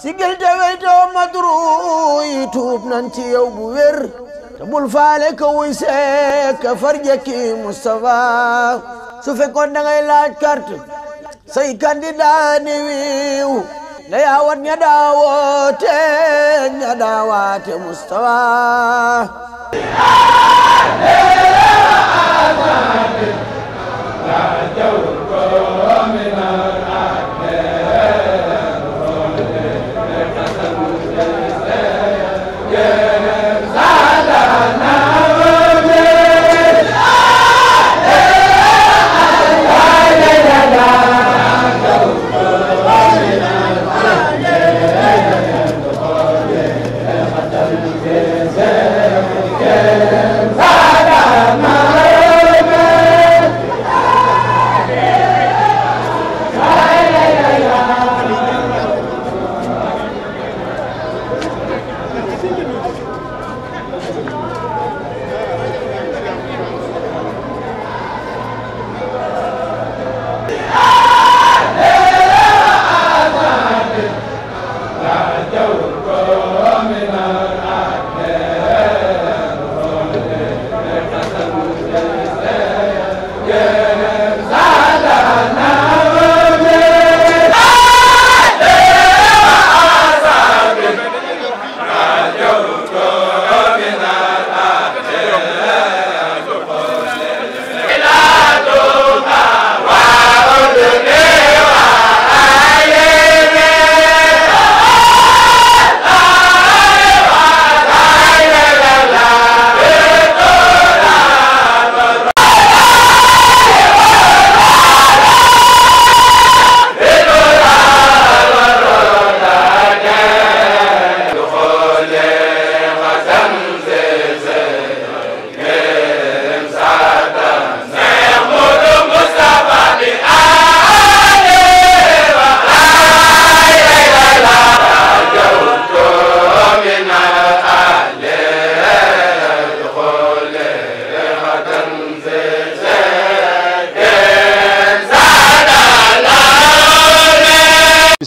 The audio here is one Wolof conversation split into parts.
sigil te weytoo madru yi tuub nan ci yow bu wér te bul faale ka wuy seek farjëkki Moustapha su fekkoon da ngay laaj carte say candidat wiiw na yaawat ña daawoote ña daawaate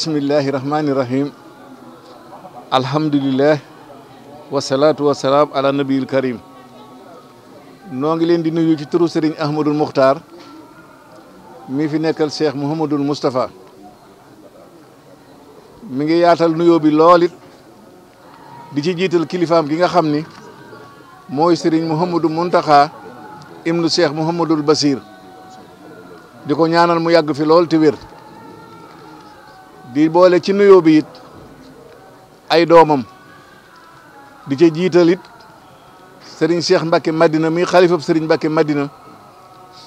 bismillahi rahmaani rahim alhamdulilah wasalaatu wasalaam ala nabiyil karim noo ngi leen di nuyu ci turu Serigne Ahmadul Muxtaar mi fi nekkal Cheikh Mouhamadul Moustapha mi ngi yaatal nuyoo bi lool di ci jiital kilifaam gi nga xam ni mooy Serigne Mouhamadou Mountakha ibnu Cheikh Mouhamadul Basir di ko ñaanal mu yàgg fi lool te wér. di boole ci nuyoo bi ay doomam di ce jiital it sëriñ Cheikh Mbacke Madina muy xalifab sëriñ Mbacke Madina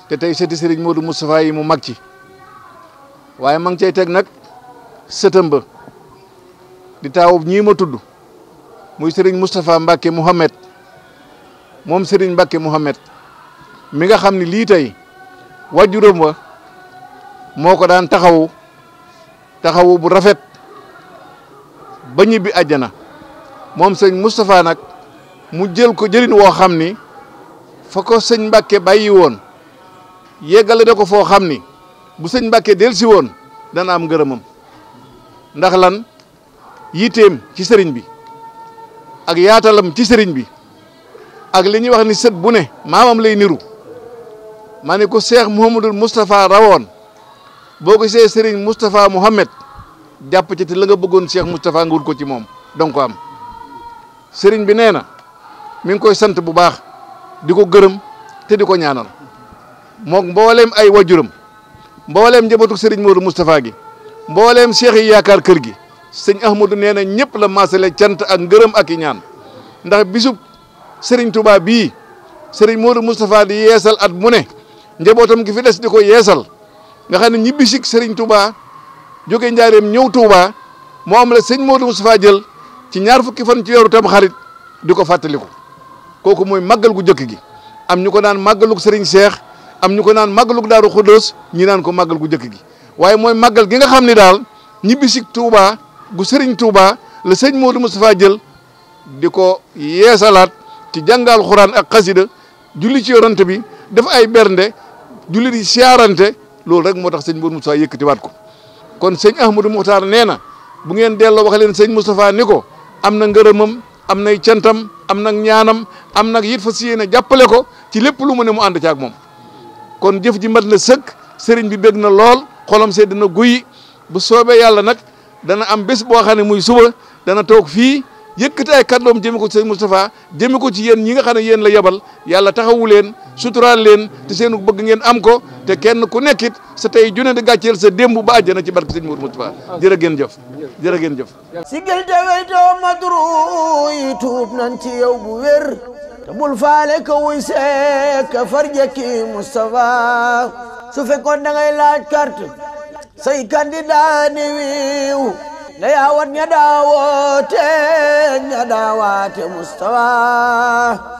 te tey sëti sëriñ Modou Moustapha yi mu mag ci waaye ma ngi cay teg nag sëtam ba di taawub ñii ma tudd muy sëriñ mustafa Mbacke Mouhamed moom sëriñ Mbacke Mouhamed mi nga xam ne lii tey wa moo ko daan taxawu taxawu bu rafet ba ñibbi àjjana moom sëñ Moustapha nag mu jël ko jëlin woo xam ni fa ko sëñ Mbàkke bàyyi woon yeggale da ko foo xam ni bu sëñ Mbàkke si woon dana am ngërëmam ndax lan yiteem ci sëriñ bi ak yaatalam ci sëriñ bi ak li ñuy wax ni sët bu ne maamam lay niru maa ne ko seex Muhammadul Moustapha rawoon boo gisee Serigne Moustapha Mohamed jàpp ci te la nga bëggoon Cheikh Moustapha nga wut ko ci moom danga am Serigne bi nee na mi ngi koy sant bu baax di ko gërëm te di ko ñaanal moom mbooleem ay wajuram mbooleem njabootu Serigne Modou Moustapha gi mbooleem Cheikh yi yaakaar kër gi sëñ Ahmadou nee na ñëpp la maasale cant ak gërëm ak i ñaan ndax bisub Serigne Touba bii Serigne Modou Moustapha di yeesal at mu ne njabootam gi fi des di ko yeesal. nga xam ne ñibbi si Serigne Touba joge Njaareem ñëw Touba moo am la sëñ Modou Moustapha jël ci ñaar fukki fan ci weeru tam xarit di ko fàttaliku kooku mooy màggal gu njëkk gi am ñu ko naan màggalug Serigne Cheikh am ñu ko naan màggalug Daaru Xuddoos ñi naan ko màggal gu njëkk gi waaye mooy màggal gi nga xam ne daal ñibbi si Touba gu Serigne Touba la sëñ Modou Moustapha jël di ko yeesalaat ci jàngal xuraan ak xasida julli ci yorante bi def ay bernde julli di loolu rek moo tax mu sëñ yëkk Moustapha yëkkatiwaat ko kon sëñ Ahmadou Moukhtar nee na bu ngeen delloo wax leen sëñ Moustapha ni ko am na ngërëmam am nay cantam am na ñaanam am nag it fa si yéene jàppale ko ci lépp lu mu ne mu ànd caag moom kon jëf ji mat na sëkk sëriñ bi bég na lool xolam sedd na guyi bu soobee yàlla nag dana am bés boo xam ne muy suba dana toog fii yëkkati ay kàddoom jëme ko ci sëñ Moustapha jëme ko ci yéen ñi nga xam ne yéen la yebal yàlla taxawu leen suturaal leen te seen bëgg ngeen am ko te kenn ku nekkit sa tey junne di gàcceel sa démb ba àjjana ci barke sëñ Mour Moustapha jërë ngeen jëf jërë ngeen jëf sigil te weytoo madru yi tuub nan ci yow bu wér te bul faale ko wuy seek farjaki Moustapha su fekkoon da ngay laaj carte say candidat ni wiiw na yaawat ña daawoote ña daawaate Mustafa